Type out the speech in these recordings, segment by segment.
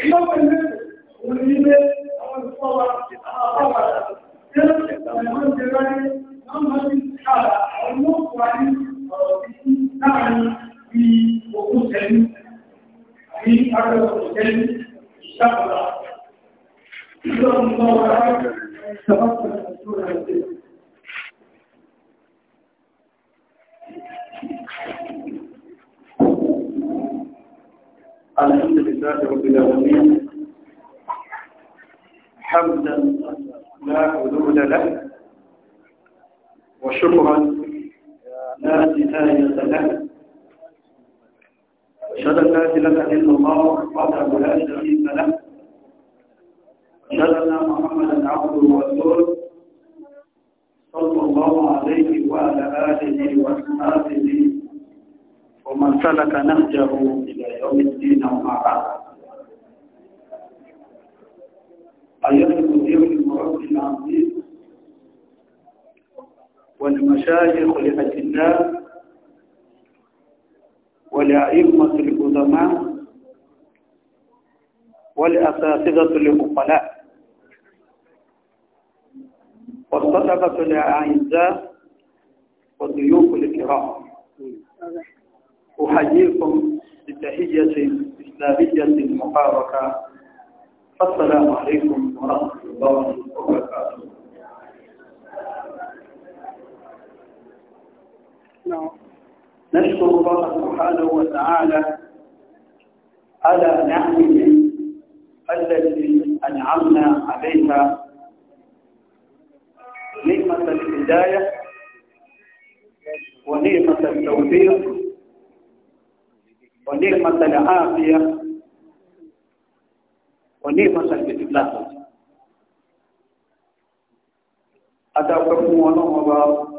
இன்னும் سلك نهجه إلى يوم الدين وما بعد أيها المدير المرد العظيم والمشايخ الأجلاء والأئمة القدماء والأساتذة العقلاء والطلبة الأعزاء والضيوف الكرام أحييكم بتحية إسلامية مباركة السلام عليكم ورحمة الله وبركاته نعم. نشكر الله سبحانه وتعالى على نعمه التي أنعمنا عليها نعمة الهداية ونعمة التوفيق ونعمة العافية ونعمة الإفلاس أتوقفون ونعم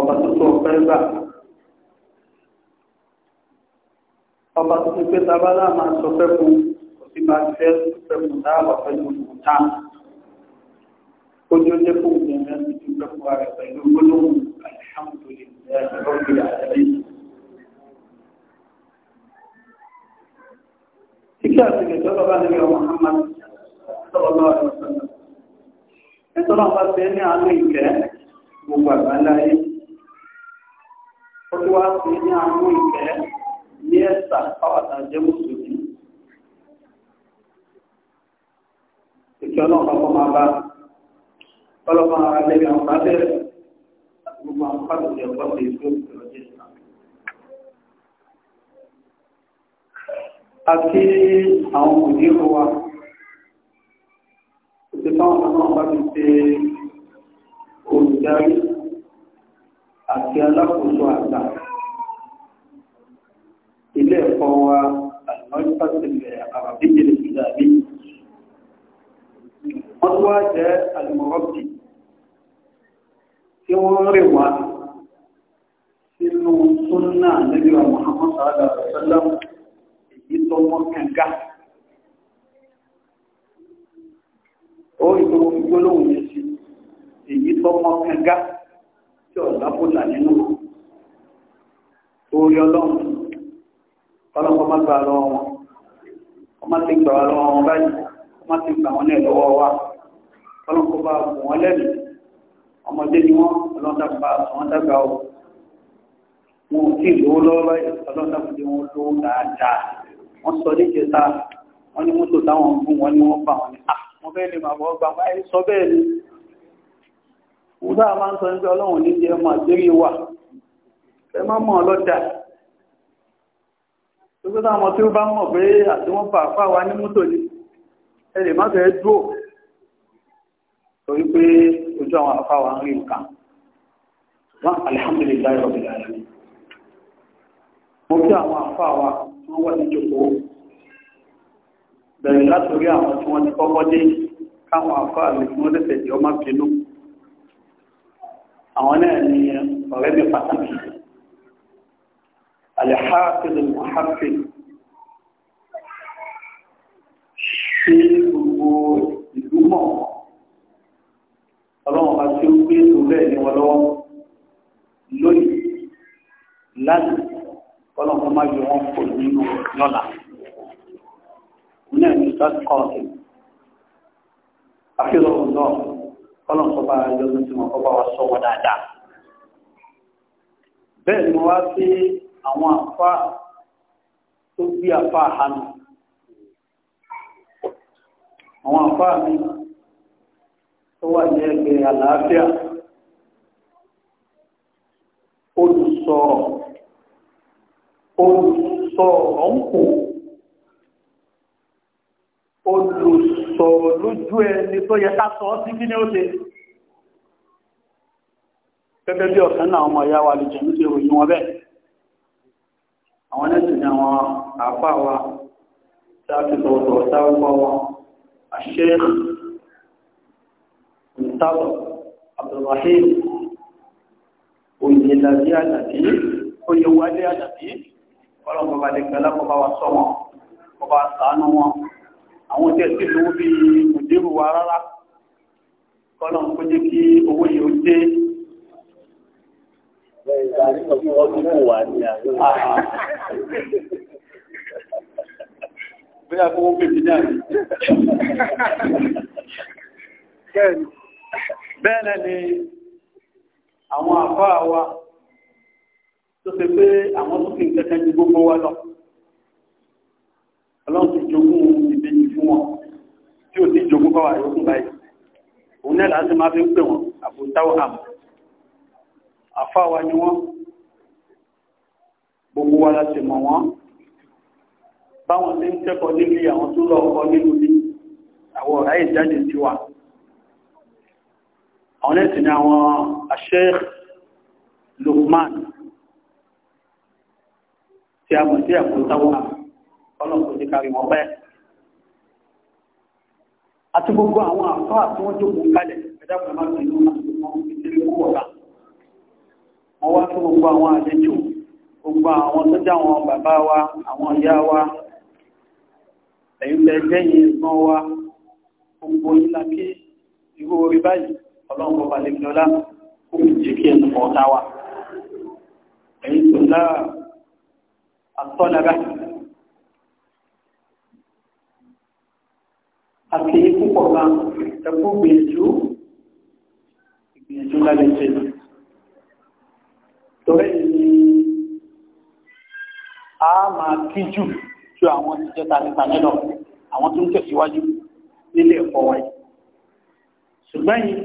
ọba tó tó ọpẹ́ gbà ọba tó ti pé tabalá máa sọ pé fún òsì máa fẹ́ pé fún dáàbà pẹ̀lú òkúta ojú ó jẹ́ fún òkú ẹ̀rẹ́ ti dúpẹ́ fún ara pẹ̀lú gbólóhùn ìjà ìsìnkè tó lọ́gbà níbi Muhammad sọ́lọ́lọ́ àìsànà nítorí ọba tẹ ní àánú ìkẹ́ gbogbo àgbáláyé ó tí wá sí ní àánú ìkẹ́ ní ẹ̀sà pàwàtà jẹ́ mùsùlùmí ìkẹ́ ọlọ́pàá kọ́ máa bá ọlọ́pàá ara àwọn bá bẹ̀rẹ̀ gbogbo àwọn pàtàkì ẹ̀kọ́ àti àwọn òdíwọ̀ wa ti fáwọn ọmọ bá ti ṣe olùdarí àti alákòóso àgbà ilé ẹ̀kọ́ wa àlùmọ́lùfàṣẹ̀lẹ̀ àbàbíjẹ̀lẹ̀ ìdàbí wọ́n tó jẹ́ sínú súnnà níbi àwọn ọmọ sàádà sọ́lọ́mù ìtọ̀ wọn kànga ó ìtọ̀ wọn gbólóhùn yẹn sí èyí tọ́ wọn kànga tí ọ̀la bùlà nínú orí ọlọ́run ọlọ́run má gbà lọ́wọ́ wọn ọmọ ti gbà wá lọ́wọ́ wọn báyìí ọmọ ti gbà wọn náà lọ́wọ́ wa ọlọ́run kó bá gùn wọn lẹ́nu ọmọdé ni wọn ọlọ́run wọn dàgbà o wọn ò tí ì lówó lọ́wọ́ báyìí ọlọ́run dàgbà wọn lówó dáadáa wọ́n sọ ní kẹta wọ́n ní mọ́tò táwọn fún wọn ní wọ́n pa wọn ni à wọ́n ah, fẹ́ lè máa bọ́ gbà wọ́n ẹ̀ sọ bẹ́ẹ̀ ni òun táà máa ń sọ nípa ọlọ́run ní jẹ́ ọmọ àgbérí wà ẹ má mọ̀ ọlọ́dà tó gbé táwọn tí ó bá mọ̀ pé àti wọ́n fà fà wá ní mọ́tò ni ẹ lè má fẹ́ dúró torí pé ojú àwọn àfà wa ń rí nǹkan wọn alihamudulilayi ọ̀bìnrin mo kí àwọn àfà wa wọ́n wọ́n ní jòkó bẹ̀rẹ̀ látòrí àwọn tí wọ́n ti kọ́kọ́ dé káwọn àkọ́ àmì tí wọ́n lẹ́sẹ̀ jẹ́ ọmọ bínú àwọn náà ni ọ̀rẹ́ mi pàtàkì alhafiz muhafiz ṣe gbogbo ìlú mọ̀ ọlọ́run bá tí ó gbé ìlú rẹ̀ ní wọn lọ́wọ́ lónìí lánàá ọlọ́run má yọ wọn kò nínú lọ́la náà ní south coast àfihàn ọ̀dọ́ ọlọ́run tó bá yọ ló ti mọ̀ kọ́ bá wa sọ wọn dáadáa bẹ́ẹ̀ ni mo wá sí àwọn àfa tó bí àfa àhánu àwọn àfa mi tó wà ní ẹgbẹ́ àlàáfíà olùsọ̀rọ̀ olùsọ̀rọ̀ ń kò olùsọ̀rọ̀ lójú ẹni tó yẹ ká sọ sí kí ní ó ṣe gẹ́gẹ́ bí ọ̀kan náà ọmọ ìyá wa lè jẹ́ ní ṣe ròyìn wọn bẹ́ẹ̀ àwọn ẹ̀sìn ni àwọn àpá wa tí a ti sọ̀rọ̀ sáwọ́ wọn àṣẹ ìtàbọ̀ àjàdí ọlọ́run bá lè gbẹ́lá kọ́ bá wa sọ wọn kọ́ bá sàánú wọn àwọn tẹ́ sí lówó bí òdérù wa rárá kọ́lọ́run kó jẹ́ kí owó yìí ó dé. Bóyá kó wọ́n pèsè náà ni. Bẹ́ẹ̀ ni àwọn àfáà wa tó ṣe pé àwọn tó fi nǹkan kan ju gbogbo wa lọ ọlọ́run ti jogún ìbejì fún wọn tí ò ti jogún kọ́ wà yókù báyìí òun náà láti máa fi ń pè wọn àbòtáwọ̀ àmì àfáwa ni wọ́n gbogbo wa láti mọ̀ wọ́n báwọn tí ń kẹ́kọ̀ọ́ nílé àwọn tó lọ ọkọ̀ nínú ní àwọn ọ̀rá ìjáde ti wà àwọn ẹ̀sìn ni àwọn Sheikh Lukman tí a mọ̀ sí ẹ̀kọ́ táwọn ọlọ́pàá ti kárí wọn pẹ́. àti gbogbo àwọn àfáà tí wọ́n jókòó kalẹ̀ ẹ̀dá pẹ̀lú máa tẹ̀lé wọn àti wọn ìdílé owó ọ̀gá. wọ́n wá fún gbogbo àwọn àlejò gbogbo àwọn tó já àwọn bàbá wa àwọn ìyá wa ẹ̀yìn tẹ́ àtọ́nàbá àti púpọ̀ kan ẹkú gbìyànjú ìgbìyànjú lálẹ́ jẹ́ torí ni a máa kí jù ju àwọn tí jẹ́ tàbíta nílọ àwọn tó ń tẹ̀síwájú nílé ẹ̀kọ́ wa yìí ṣùgbọ́n yìí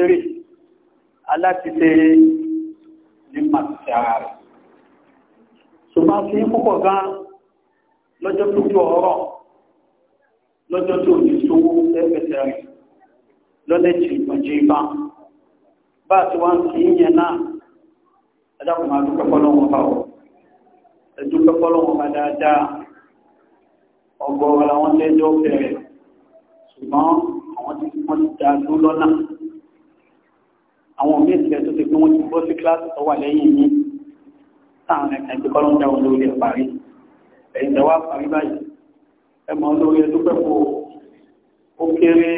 ibi aláṣìṣe ní màṣíṣe ara rẹ̀ ṣùgbọ́n fi púpọ̀ gan lọ́jọ́ tó ju ọ̀rọ̀ lọ́jọ́ tó ní sówó ẹgbẹ̀sẹ̀ rẹ̀ lọ́lẹ̀ jì ìpọ̀jì ibá bá ti wá ń kì í yẹn náà ẹ̀dàkùn máa dúpẹ́ fọ́lọ́wọ́ bá wọ̀ ẹ̀dúpẹ́ fọ́lọ́wọ́ bá dáadáa ọgọ́rọ̀ làwọn tẹ́jọ́ bẹ̀rẹ̀ ṣùgbọ́n àwọn ti wọ́n ti dá lọ́nà àwọn míì tilẹ̀ tó ti pé wọ́n ti bọ́ sí kíláàsì tó wà lẹ́yìn yìí táwọn ẹ̀ka ìpè kọ́ ló ń dá wọn lórí ẹ̀ parí ẹ̀yìn tẹ́wọ́ parí báyìí ẹ mọ̀ lórí ẹ tó pẹ́ kó ó kéré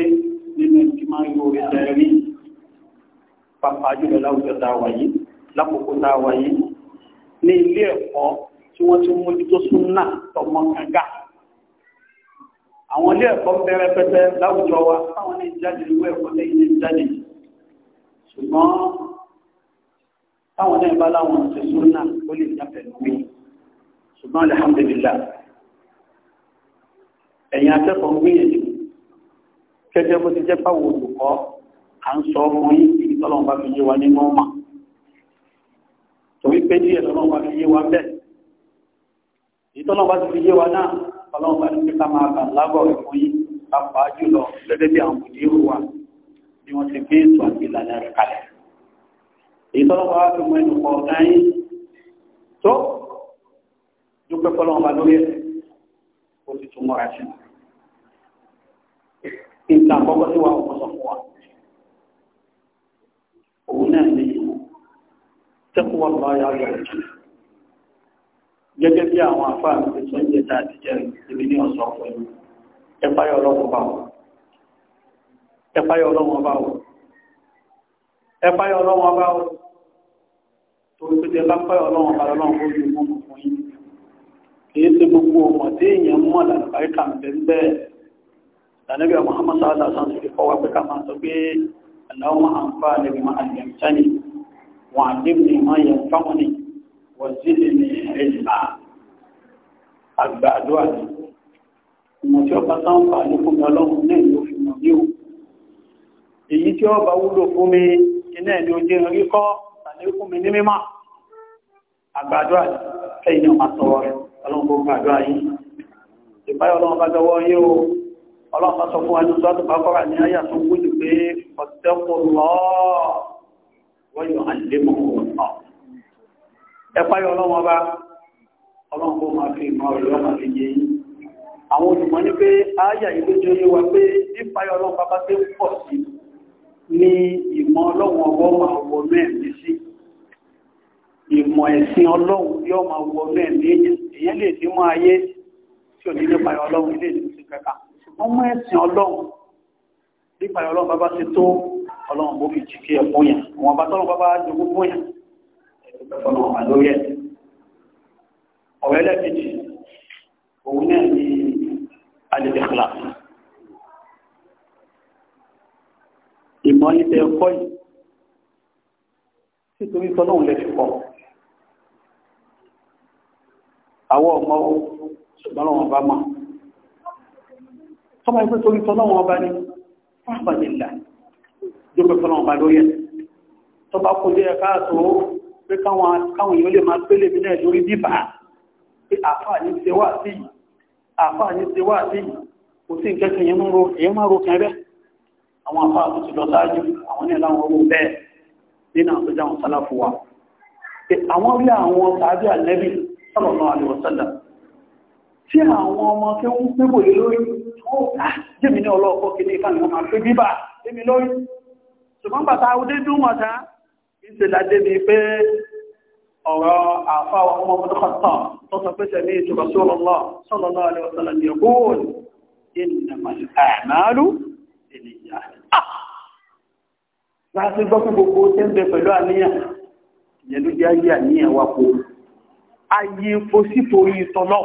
nínú ìdí máa ń yóò rí tẹ́ rí pàpà jùlọ láwùjọ tá a wà yìí lákòókò tá a wà yìí ní ilé ẹ̀kọ́ tí wọ́n ti mójútó súnà tọmọ kànga àwọn ilé ẹ̀kọ́ bẹ̀rẹ̀ pẹ́pẹ́ láwùjọ wa táwọn ní ìjáde ìwé ẹ̀kọ́ lẹ́yìn ìjáde yìí ṣùgbọ́n táwọn náà bá láwọn ṣe súnà ó lè jáfẹ́ lórí ṣùgbọ́n alhamdulillah ẹ̀yin akẹ́kọ̀ọ́ gbìyànjú gẹ́gẹ́ bó ti jẹ́ báwo olùkọ́ à ń sọ ọmọ yìí kí tọ́lọ́n bá fi yé wa nínú ọmọ torí pé díẹ̀ tọ́lọ́n bá fi yé wa bẹ́ẹ̀ èyí bí wọ́n ti gbé ètò àti ìlànà rẹ̀ kalẹ̀. èyí tọ́lọ́ wa fi mọ ẹnu pọ̀ láyé tó dúpẹ́ pọ́lọ́ wọn bá lórí ẹ̀ ó ti tún mọ́ra sí i. nǹkan àkọ́kọ́ tí wàá kọ́ sọ fún wa òun náà ní tẹ́kùwà lọ́yà ọ̀yà ìjìnlẹ̀ gẹ́gẹ́ bí àwọn afáàmì tó ń jẹ́ tá a ìbí ní ọ̀sán pẹ̀lú ẹ̀fáyọ̀ ọlọ́pàá wọn ẹ̀fáyọ̀ ọlọ́wọ́n bá wọ ẹ̀fáyọ̀ ọlọ́wọ́n bá wọ torí pé tẹ bá fáyọ̀ ọlọ́wọ́n bá lọ́wọ́n bó yẹ mọ́ fún yín kìí ṣe gbogbo ọmọ tí èèyàn mọ̀ làlùbáríkà bẹ́ẹ̀ lànàbí ọmọ hamasa aláṣán ti fọwọ́ pé ká máa sọ pé èyí tí ó bá wúlò fún mi iná ẹni ó jẹ́ rí kọ́ tàlékún mi ní mímọ̀ àgbàdúrà kẹ́yìn ní ọmọ sọ̀rọ̀ rẹ̀ ọlọ́run kó gbàdúrà yìí ìbáyọ̀ ọlọ́run bá jọwọ́ o ọlọ́run bá sọ fún wa ní sọ́tù bá kọ́ra ní ayà tó wú jù pé ọ̀tẹ́kù lọ wọ́n yọ àlémọ̀ ọ̀tọ̀ ẹ̀páyọ̀ ọlọ́run bá ọlọ́run kó máa fi ìmọ̀ rẹ̀ lọ́mà fi yé yìí àwọn olùmọ̀ ní pé ayà yìí lójú yé wa pé ìbáyọ̀ ọlọ́run bá bá tẹ́ pọ̀ sí ní ìmọ̀ ọlọ́run ọwọ́ máa wọ mẹ́rin sí ìmọ̀ ẹ̀sìn ọlọ́run yóò máa wọ mẹ́rin èèyàn èèyàn lè dín mọ́ ayé tí ò ní nípa ọlọ́run ilé ìlú sí kẹta ṣùgbọ́n mọ́ ẹ̀sìn ọlọ́run nípa ọlọ́run bàbá ti tó ọlọ́run bó fi jìkì ẹ̀kún yẹn àwọn bàbá tọ́lọ́ bàbá jogún fún yẹn ọ̀rẹ́lẹ́kejì òun náà ni alẹ́ ìmọ̀ yìí tẹ kọ́ yìí nítorí tọ́lọ́hún lè fi kọ́ àwọn ọmọ o ṣùgbọ́n lọ́wọ́n bá mọ̀ tọ́ba ìpín torí tọ́lọ́hún ọba ni fáfà nílà jókòó tọ́lọ́hún ọba lórí ẹ̀ tọ́ba kò jẹ́ káàtó pé káwọn èèyàn lè máa pélé mi náà lórí bíbà pé àfáà ní ṣe wá sí yìí àfáà ní ṣe wá sí yìí kò sí nǹkan kan yẹn máa ro kàn bẹ́ẹ̀ àwọn afá tó ti lọ sáájú àwọn ní ẹ̀láwọn owó bẹ́ẹ̀ nínú àtọ́jà àwọn sálàfù wa àwọn rí àwọn tàbí ànẹ́bì sallallahu alaihi wasallam tí àwọn ọmọ kí wọ́n pébò lé lórí ah, jẹ́mi ní ọlọ́ọ̀kọ́ kí ní ìkànnì wọn máa pé bíbà lémi lórí ṣùgbọ́n bàtà ọdé dùn wọn tán ìṣẹ̀ ládé mi pé ọ̀rọ̀ àfá ọmọ mọ́tọ́kọ̀tọ̀ tó sọ pé sẹ́mi láti gbọ́ fún gbogbo tẹ́ ń bẹ pẹ̀lú àníyàn ìyẹn ló jẹ́ ayé àníyàn wa kó ayé fosíforí tọ́lọ́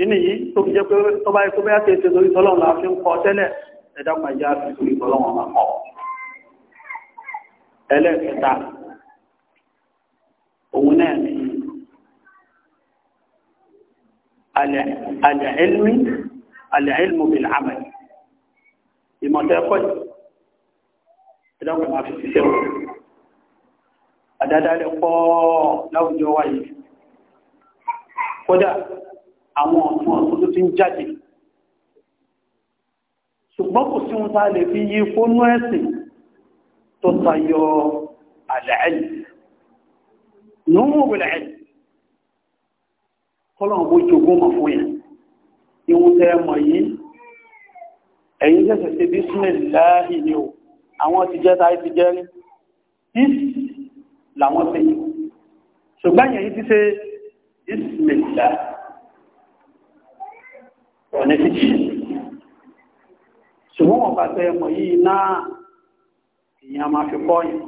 ìdí nìyí tó fi jẹ́ pé tó bá ikú bẹ́yà tẹ́ẹ̀tẹ́ lórí tọ́lọ́ la fi ń kọ́ tẹ́lẹ̀ ẹ̀dàpọ̀ ìmọ̀tẹ́ ẹ̀kọ́ yìí ẹ̀dọ́gbọ̀n máa fi ṣiṣẹ́ wọn àdádálẹ̀ pọ̀ láwùjọ wa yìí kódà àwọn ọ̀tún ọ̀tún tó ti ń jáde ṣùgbọ́n kò sí ohun tá a lè fi yí fónú ẹ̀sìn tó tayọ àlẹ́ẹ̀lì ẹ̀yin ṣẹ̀ṣẹ̀ ṣe bísímìláì ni o àwọn ti jẹ́ táyé ti jẹ́ rí is làwọn ṣe ṣùgbọ́n yẹ̀yìn ti ṣe bísímìláì ọ̀nà fíjì ṣùgbọ́n wọn bá tẹ́ ẹmọ yìí náà èèyàn máa fi kọ́ yìí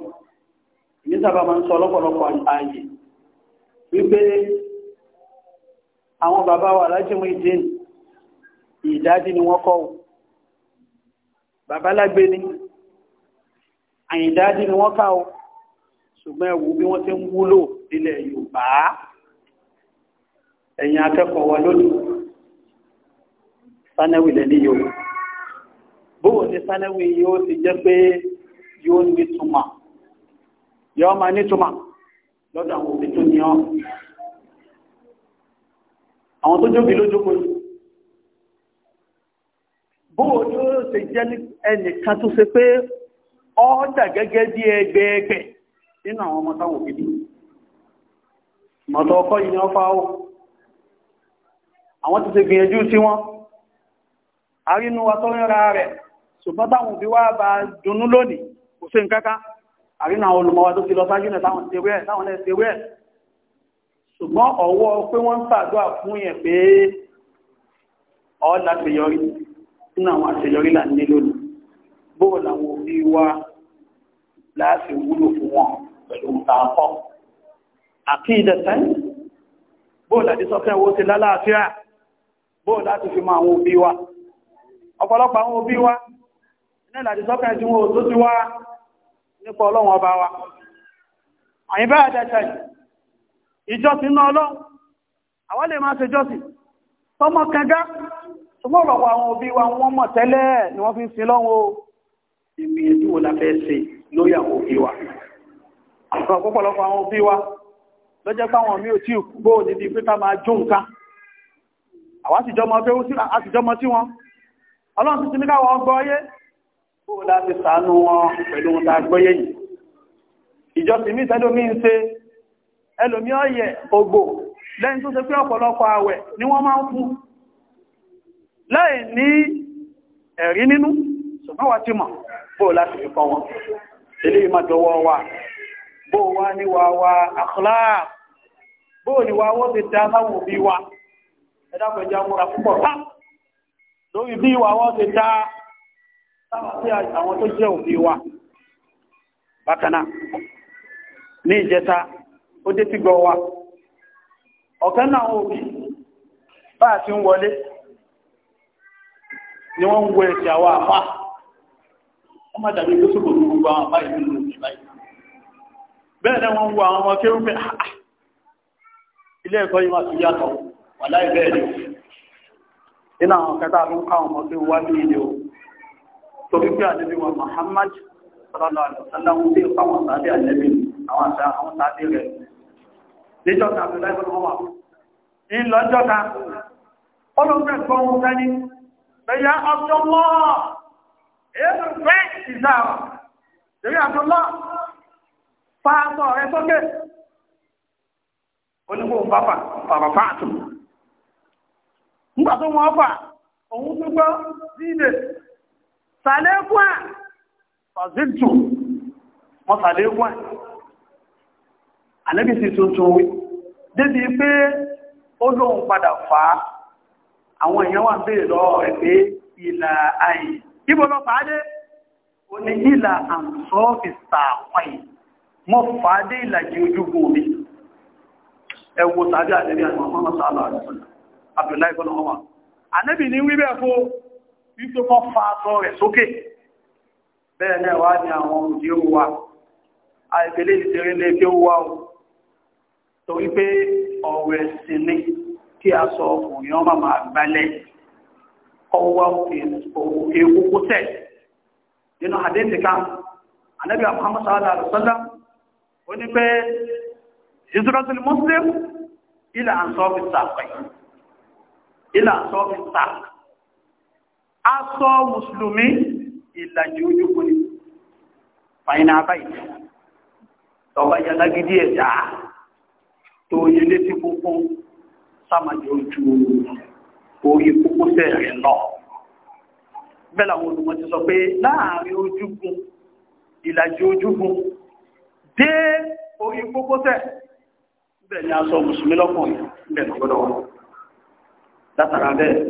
ní sábà máa wípé àwọn bàbá wa lájẹ́wọ̀n ìdí ìdájí ni wọ́n kọ́ wọ́n babalágbé ni àyìndájí ni wọ́n ká o ṣùgbọ́n ẹ̀wù bí wọ́n ti ń wúlò nílẹ̀ Yorùbá ẹ̀yin akẹ́kọ̀ọ́ wa lónìí sanawi lẹ́ni yóò bóò ní sanawi yóò ti jẹ́ pé yóò ní túmọ̀ yóò máa ní túmọ̀ lọ́dọ̀ àwọn òbí tó ní ọ́ àwọn tó jóbi lójókòó bóò ni ó ṣe jẹ́ ẹnìkan tó ṣe pé ọ́dà gẹ́gẹ́ bí ẹgbẹ́ẹgbẹ́ nínú àwọn ọmọ táwọn òbí mọ̀tọ̀ ọkọ́ yìí ni wọ́n fáwọ́ àwọn ti ṣe gbìyànjú sí wọn àrínú wa tó ríra rẹ̀ ṣùgbọ́n táwọn òbí wá bá dunnú lónìí kò sí nǹkankan àrínú àwọn olùmọ̀wà tó ti lọ sáájú náà táwọn ṣe wẹ́ẹ̀ táwọn ṣe wẹ́ẹ̀ ṣùgbọ́n ọ̀wọ́ pé wọ́n ń ṣàdúrà fún yẹn pé ọ́ láti yọrí nínú àwọn àṣeyọrí là ń ní lónìí bóò làwọn òbí wa láti wúlò fún wọn pẹ̀lú nǹkan àkídẹ̀tẹ́ bóò láti sọ́fẹ́ owó ti lálàáfíà bóò láti fi mọ àwọn òbí wa ọ̀pọ̀lọpọ̀ àwọn òbí wa ní láti sọ́fẹ́ tí wọ́n tó ti wá nípa ọlọ́run ọba wa àyíbá àdẹ́tẹ́ ìjọsìn náà ọlọ́run àwọn lè máa ṣe jọsìn tọmọ kẹgá ṣùgbọ́n ọ̀rọ̀ àwọn òbí wa wọ́n mọ̀ tẹ́lẹ̀ ni wọ́n fi ń sin lọ́wọ́ ìmì ètò wò la fẹ́ ṣe lórí àwọn òbí wa ọ̀pọ̀lọpọ̀ àwọn òbí wa ló jẹ́ pé àwọn mi ò tí ì gbó níbi pé ká máa jó nǹkan àwa sì jọmọ pé a sì jọmọ tí wọn ọlọ́run ti ti ní káwọn gbọ́ yé kó láti sàánú wọn pẹ̀lú ohun tá a gbọ́ yé yìí ìjọsìn mi tẹ́lómi ń ṣe ẹlòmí ọ̀yẹ̀ ògbò lẹ́yìn tó ṣe pé ọ̀pọ̀lọpọ̀ àwẹ̀ ni wọ́n máa ń fún láì ní ẹ̀rí nínú ṣùgbọ́n wa ti mọ̀ bóò láti fi kọ́ wọn ilé ìmọ̀dọ̀wọ́ wa bóò wá ní wa wa akhlaq bóò ní wa wọ́n ti dá láwọn òbí wa ẹ̀dàpẹ̀já múra púpọ̀ rá lórí bí wa wọ́n ti dá táwọn sí àwọn tó jẹ́ òbí wa bákanáà ní ìjẹta ó dé tí gbọ́ wa ọ̀kan náà òbí bá ti ń wọlé ni wọ́n ń wọ ẹ̀sẹ̀ àwọn àfá má dàbí tó gbogbo àwọn àfá ìlú ìlú báyìí náà ń wọ àwọn ọmọ ah, ah, ilé yìí wà láì ni àwọn kẹta ń ká ọmọ wá ní ilé o pé àdébí wọn Muhammad sọlọ́lọ́ àlùsọ́lá ń dé fáwọn sáré àdébí àwọn àṣà àwọn níjọ́ Bẹ̀yà Abdullah, èyí fẹ́ ìzára. Bẹ̀yà Abdullah, fàásọ̀ rẹ̀ sókè. Onígbò bàbà, bàbà fàátù. Nígbà tó fà, òun tó gbọ́ síbẹ̀. Sàlékún à, fàzíntù, mọ sàlékún tuntun wí, àwọn èèyàn wà ń bèèrè lọ́wọ́ rẹ̀ pé ìlà àyè ibo lọ fàádé ó ní ìlà àǹsọ́ọ̀fìsà àpáyì mọ́ fàádé ìlàjì ojúgbò mi ẹwọ tàbí àdẹ́bí àwọn ọmọ sàálà Abdullahi bọ́lá ọmọ anẹ́bì ní wíbẹ̀ fó wípé kọ́ fa aṣọ rẹ̀ sókè bẹ́ẹ̀ náà wá ní àwọn òdí ó wà àìfẹ́lẹ́ ìṣẹ́rẹ́lẹ́ tí ó wà ó torí pé ọ̀rọ̀ ẹ̀sìn ni kí a sọ ọkùnrin ọmọ máa balẹ̀ ọwọ́ òkè kókó tẹ̀ nínú àdéhùn kan anábì Muhammad sallallahu alaihi wasallam ó ní pé ìsúrọ́sílì muslim ilà àǹsọ́ọ̀fì sàpẹ̀ ilà àǹsọ́ọ̀fì sàp aṣọ mùsùlùmí ìlàjì ojúkú ni fàyínà abáyìí tọba yàlágídí ẹ̀dá tó yẹ létí fúnfún sámàjò ojú orí kókósẹ̀ rẹ̀ lọ bẹ́ẹ̀ làwọn olùmọ̀ ti sọ pé láàrin ojúgun ìlàjì ojúgun dé orí kókósẹ̀ bẹ́ẹ̀ ni a sọ mùsùlùmí lọ́kùnrin bẹ́ẹ̀ lọ́gbọ́dọ̀ wọn látara bẹ́ẹ̀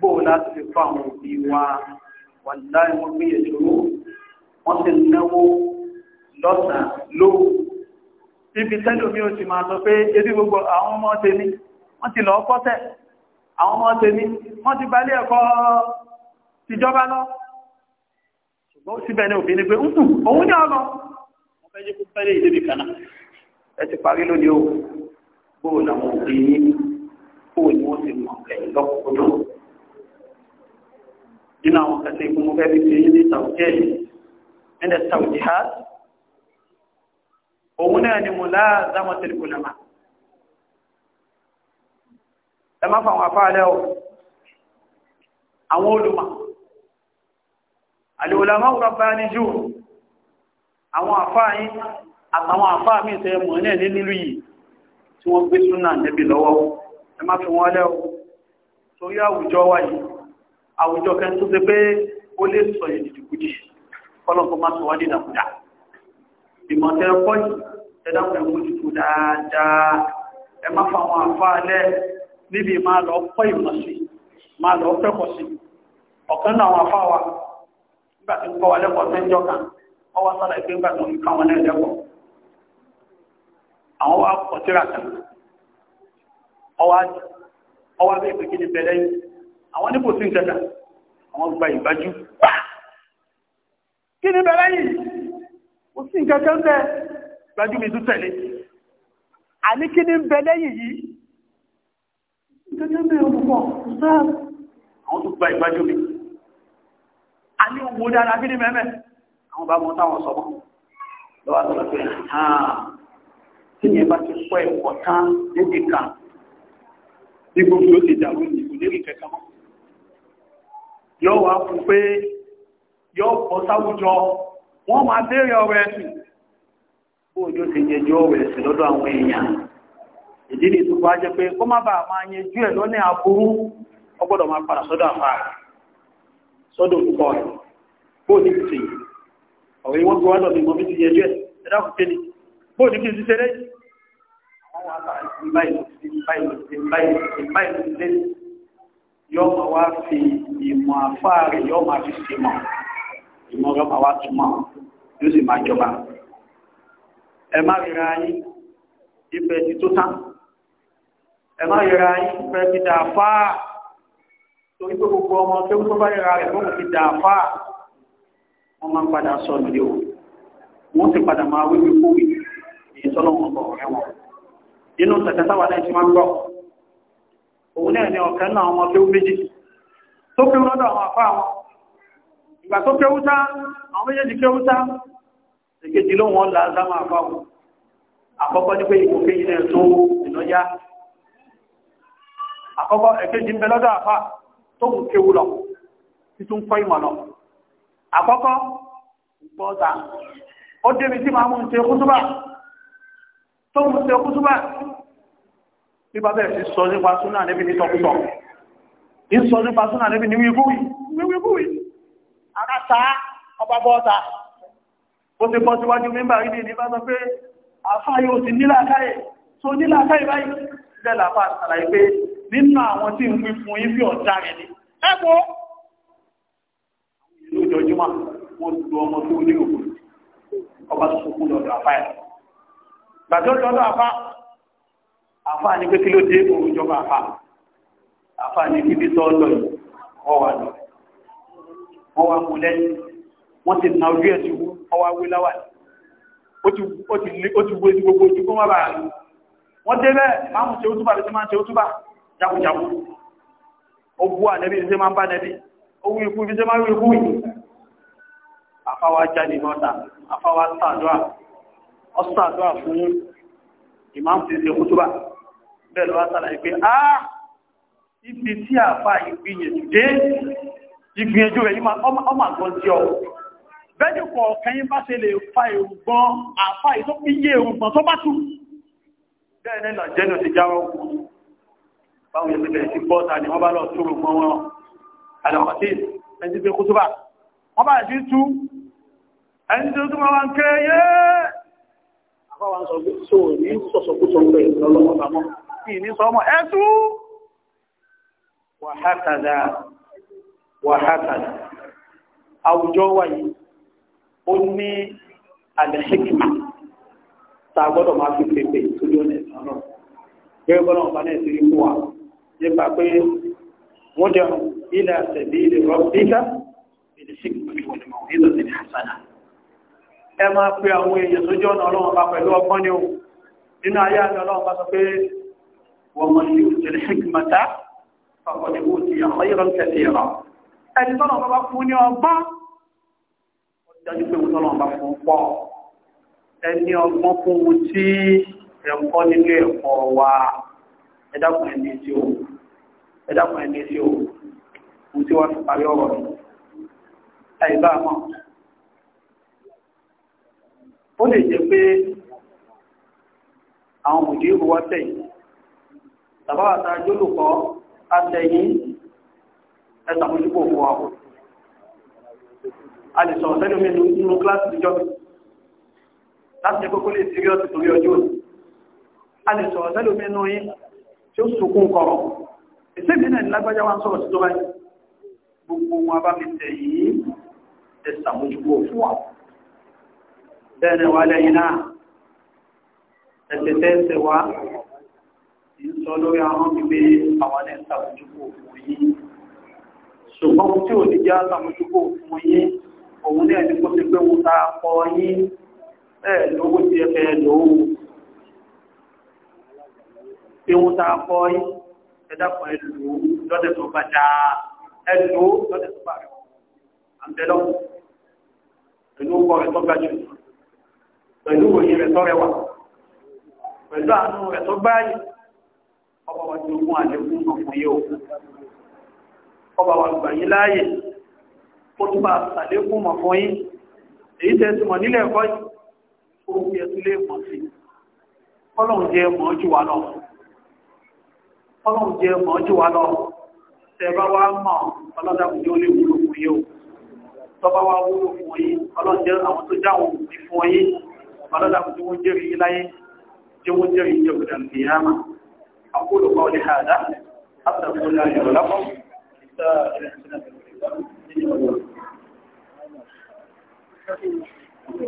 bó láti fi fún àwọn òbí wa wà láì wọ́n gbé ìṣòro wọ́n ti náwó lọ́sàn-án lóòrùn ibi tẹ́lómi ó ti máa sọ pé ebí gbogbo àwọn ọmọ tẹ́lẹ̀ wọ́n ti lọ kọ́sẹ̀ àwọn ọmọ tèmi wọ́n ti balé ẹ̀kọ́ tìjọba lọ ṣùgbọ́n síbẹ̀ ní òbí ni pé ń òun ní ọlọ wọ́n fẹ́ jẹ́ kó fẹ́lẹ̀ ìdébì kan náà ẹ ti parí lónìí o bóò náà wọ́n fi yín bóò ni wọ́n ti mọ̀ ẹ̀yìn lọ́kọ̀ọ́dọ̀ nínú àwọn kẹsẹ̀ ikú mo fẹ́ fi ṣe yín ní tàwùjẹ́ yìí ẹ̀ẹ́dẹ̀ tàwùjẹ́ ha òun náà ni mo láàzámọ́ tẹ̀lé kò náà ẹ má fà àwọn afáàlẹ́ o àwọn olùmọ̀ al-ulama rabbaniyun àwọn afáà yìí àtàwọn afáà mi tẹ́ mọ̀ ní nílùú yìí tí wọ́n gbé súnà nẹ́bì lọ́wọ́ ẹ má fi wọ́n lẹ́ o torí àwùjọ wa yìí àwùjọ kẹ́ tó ṣe pé ó lè sọ ìdìdìkújì ìmọ̀tẹ́ pọ́ yìí ẹ̀dàkùn ẹ̀mú dáadáa ẹ má fà àwọn afáà lẹ́ẹ̀ níbi máa lọ kọ́ ìmọ̀ sí máa lọ kẹ́kọ̀ọ́ sí ọ̀kan náà wọn afá wa nígbà tí ń kọ́ wa lẹ́kọ̀ọ́ tẹ́jọ́ kan wọ́n wá sọ́dọ̀ ìpín nígbà tó ń kà wọn náà lẹ́kọ̀ọ́ àwọn wa kọ̀ síra kan ọwá bẹ́ẹ̀ pé kí ni bẹ̀rẹ̀ yìí àwọn nípò sí ìjẹta àwọn gba ìbájú kí ni bẹ̀rẹ̀ yìí ó sì ń kẹ́kẹ́ ń yìí gẹ́gẹ́ bẹ́ẹ̀ olùkọ́ sáà àwọn tó gba ìgbájú mi a ní owó dára bí ní mẹ́mẹ́ àwọn bá mọ́ táwọn sọmọ́ lọ́wọ́ tó lọ́pẹ́ tí yẹn bá ti pọ́ ẹ̀kọ́ tán lédè kan ní gbogbo ó ti dàrú ní ìlú lérí kẹkàn yóò wá fún pé yóò bọ́ sáwùjọ wọ́n máa béèrè ọ̀rọ̀ ẹ̀sìn bóòjó ti yẹjọ́ ọ̀rọ̀ ẹ̀sìn lọ́dọ̀ àwọn èèyàn ìdí ni ìtùkọ́ ajẹ́ pé kó má bàa máa yẹn jú ẹ̀ lọ́nà aburú ó gbọ́dọ̀ máa padà sọ́dọ̀ àfà rẹ̀ sọ́dọ̀ olùkọ́ rẹ̀ bó ní ti ṣèyí ọ̀rẹ́ wọ́n gbọ́ lọ́dọ̀ ìmọ̀ mi ti yẹjú ẹ̀ ẹ̀dá kò kéde bó ní kí ti tó tán ẹ̀má yẹra yín fẹ́ fi dà fáà torí pé gbogbo ọmọ tó ń tó bá yẹra rẹ̀ fóun fi dà fáà wọ́n máa ń padà sọ nílé o wọ́n sì padà máa wíwí kúwì èyí tọ́lọ́ wọn bọ̀ ọ̀rẹ́ wọn inú tẹ̀tẹ̀tàwà náà ti máa ń gbọ́ òun náà ni ọ̀kẹ́ náà ọmọ tó méjì tó kéwú lọ́dọ̀ àkọ́kọ́ ẹ̀kejì ń bẹ lọ́dọ̀ àfà tó ń kéwu lọ títún kọ́ ìmọ̀ lọ àkọ́kọ́ gbọ́ta ó débi tí màá mú un ṣe kútúbà tó ń ṣe kútúbà bí bàbá ẹ̀ sì sọ nípa súnà níbi ní tọkútọ̀ ń sọ nípa súnà níbi ní wíwíwíwí ara nínú àwọn tí ń pín fún ibi ọ̀dá rẹ̀ ní ẹgbọ́ ìlú ìjọjúmọ́ wọ́n lù ọmọ tó ní òkú ọba sọkún lọ́dọ̀ àfá ẹ̀ gbàjọ́ lọ́dọ̀ àfá àfá ní pé kí ló dé òun ìjọba àfá àfá ní kíbi tọ́ lọ wọ́n wà na ojú ẹ̀ ti wú ọwá wé láwà ó ti wé sí gbogbo ojú kó má bàa wọ́n dé máa mú ṣe ó lè ṣe máa ṣe ó túbà jákujàku ó bú ànẹ́bí ṣe máa ń bá nẹ́bí ó wú ikú ibi ṣe máa ń wú ikú yìí afáwa jáde mọ́ta afáwa sàdúrà ọ sàdúrà fún ìmáàmù ti ṣe kútúbà bẹ́ẹ̀ lọ́wọ́ sàlàyé pé á ibi tí àfà ìgbìyànjú dé ìgbìyànjú rẹ̀ ọmọ àgbọn tí ọ bẹ́ẹ̀ni kọ̀ọ̀kan yí bá ṣe lè fa èrùgbọ́n àfà ìtọ́píyé èrùgbọ́n tó bá tú bẹ́ẹ̀ nẹ́nà jẹ́nu ti jáwọ́ ogun báwọn yẹn bẹ̀rẹ̀ sí bọ́ta ni wọ́n bá lọ tó rògbọ́n wọn àlọ́kọ̀tí ẹni tí kú túbà wọ́n bá sí tú ẹni tí ó túnmọ̀ wọn kéré yé àbáwọn sọ ní sọ̀sọ̀kúsọ̀ pé lọ́lọ́mọ́ bàmọ́ kí ní sọmọ ẹ̀sù wàhátàdà wàhátàdà àwùjọ wa yìí ó ní àdẹ̀ṣẹ́kìmà tá a gbọ́dọ̀ máa fi pèpè tó lónìí ọ̀nà nípa pé wọ́n dẹ̀ ilẹ̀ àtẹ̀bí ilẹ̀ rọ́bíkà ilẹ̀ sígbìmọ̀ ìwọ̀nìmọ̀ ìlọ̀sílẹ̀ àṣàdà ẹ máa pe àwọn èèyàn sójú ọ̀nà ọlọ́run bá pẹ̀lú ọgbọ́n ni ó nínú ayé àti ọlọ́run bá sọ pé wọ́n mọ̀ sí ìtẹ̀lẹ̀ hikmata fàkọ̀dẹ̀wò ti àwọn ìrọ̀n tẹ̀lẹ̀ rọ̀ ẹni tọ́nà bá bá fún ní ọgbọ́n ó dájú pé wọ́n tọ́nà fún pọ̀ tí ẹ̀kọ́ nílé ẹ̀kọ́ wa ẹ̀dàkùnrin ní ti òun ẹ̀dá wọn ẹni sí o ohun tí wọ́n fi parí ọ̀rọ̀ mi àìbá mọ̀ ó lè jẹ́ pé àwọn òdí ìrù wọ́n tẹ̀yìn tàbá àtàjọ́ olùkọ́ àtẹ̀yìn ẹ̀sàmójúkò fún wa a lè sọ̀rọ̀ sẹ́nu mi nínú kíláàsì ìjọ láti jẹ́ kókó lè sírí ọ̀sẹ̀ torí ọjọ́ a lè sọ̀rọ̀ sẹ́nu mi nínú yín tí ó sùkún kọ̀rọ̀ ìsẹ́mi náà ní lágbájá wa ń sọ̀rọ̀ sí lọ́wọ́ gbogbo wọn bá mi tẹ̀ yìí ẹ sàmójúkú fún wa bẹ́ẹ̀ wà lẹ́yìn náà ẹ̀tẹ̀tẹ̀ wa ìsọ lórí àwọn gbígbé àwọn ní sàmójúkú fún yìí ṣùgbọ́n tí ò ní já sàmójúkú fún yìí òun ní ẹni kó ti pé wọn ta kọ yìí ẹ̀ lówó ti ẹ̀fẹ̀ lòó ìwọ̀n ta kọ yìí ẹ̀dàpọ̀ ẹ̀lú lọ́dẹ̀ tó bá dáa ẹ̀lú lọ́dẹ̀ tó bá rẹ̀ àbẹ̀lọ́ pẹ̀lú ọkọ̀ rẹ̀ tó gbájú pẹ̀lú òye rẹ̀ tó rẹwà pẹ̀lú àánú rẹ̀ tó gbáyé ọba wa ti mú àlékún ọ̀fún yóò ọba wa gbà yí láàyè ó tún bá àlékún ọ̀fún yí èyí tẹ́ ti mọ̀ nílẹ̀ ẹ̀kọ́ yìí ó ń yẹ sílé mọ̀ sí ọlọ́run jẹ́ mọ̀ jù wá náà ọlọ́run jẹ mọ́jú wa lọ tẹ́ẹ̀bá wá mọ̀ ọlọ́dàkùn jẹ́ ó lè wúlò fún yíò tọ́bá wá wúlò fún yí ọlọ́jẹ́ àwọn tó jáwọn ní fún yí ọlọ́dàkùn jẹ́ wọ́n jẹ́rì láyé jẹ́ wọ́n jẹ́rì jẹ́gbẹ̀dà nìyàmà أقول قولي هذا أستغفر الله لي ولكم Thank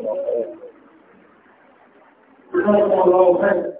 you.